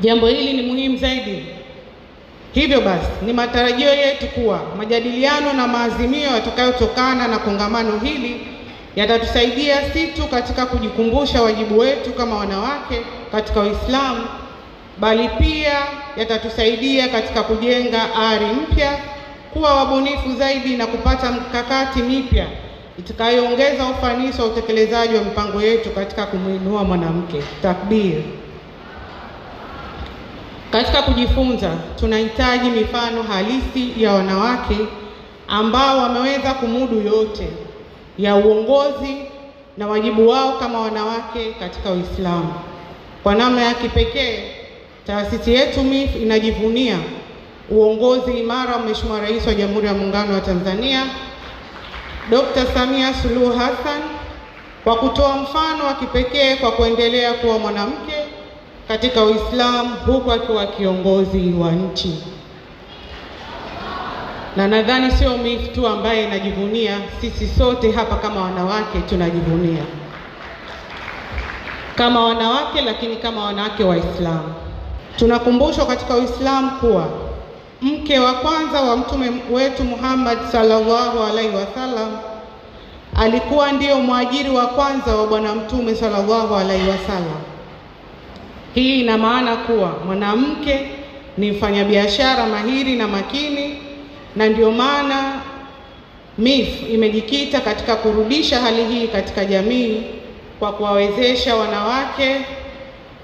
Jambo hili ni muhimu zaidi. Hivyo basi, ni matarajio yetu kuwa majadiliano na maazimio yatakayotokana na kongamano hili yatatusaidia si tu katika kujikumbusha wajibu wetu kama wanawake katika Uislamu, bali pia yatatusaidia katika kujenga ari mpya, kuwa wabunifu zaidi na kupata mkakati mipya itakayoongeza ufanisi wa utekelezaji wa mipango yetu katika kumwinua mwanamke. Takbir! Katika kujifunza, tunahitaji mifano halisi ya wanawake ambao wameweza kumudu yote ya uongozi na wajibu wao kama wanawake katika Uislamu. Kwa namna ya kipekee, taasisi yetu MIF inajivunia uongozi imara wa Mheshimiwa Rais wa Jamhuri ya Muungano wa Tanzania Dr. Samia Suluhu Hassan kwa kutoa mfano wa kipekee kwa kuendelea kuwa mwanamke katika Uislamu huku akiwa kiongozi wa nchi, na nadhani sio mimi tu ambaye najivunia, sisi sote hapa kama wanawake tunajivunia kama wanawake, lakini kama wanawake Waislamu tunakumbushwa katika Uislamu kuwa mke wa kwanza wa mtume wetu Muhammad sallallahu alaihi wasallam alikuwa ndiyo mwajiri wa kwanza wa bwana mtume sallallahu alaihi wasallam hii ina maana kuwa mwanamke ni mfanyabiashara mahiri na makini, na ndio maana MIF imejikita katika kurudisha hali hii katika jamii kwa kuwawezesha wanawake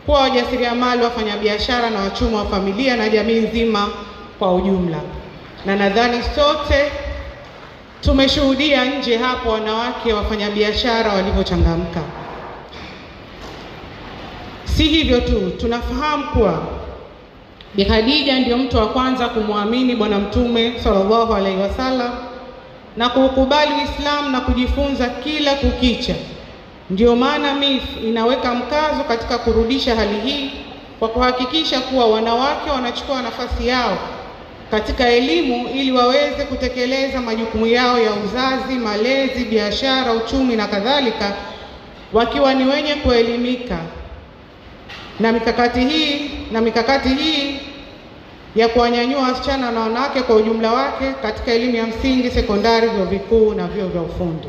kuwa wajasiriamali, wafanyabiashara na wachumi wa familia na jamii nzima kwa ujumla. Na nadhani sote tumeshuhudia nje hapo wanawake wafanyabiashara walivyochangamka. Si hivyo tu, tunafahamu kuwa Bi Khadija ndio mtu wa kwanza kumwamini Bwana Mtume sallallahu alaihi wasallam na kuukubali Uislamu na kujifunza kila kukicha. Ndiyo maana MIF inaweka mkazo katika kurudisha hali hii kwa kuhakikisha kuwa wanawake wanachukua nafasi yao katika elimu ili waweze kutekeleza majukumu yao ya uzazi, malezi, biashara, uchumi na kadhalika, wakiwa ni wenye kuelimika na mikakati hii na mikakati hii ya kuwanyanyua wasichana na wanawake kwa ujumla wake katika elimu ya msingi, sekondari, vyuo vikuu na vyuo vya ufundi.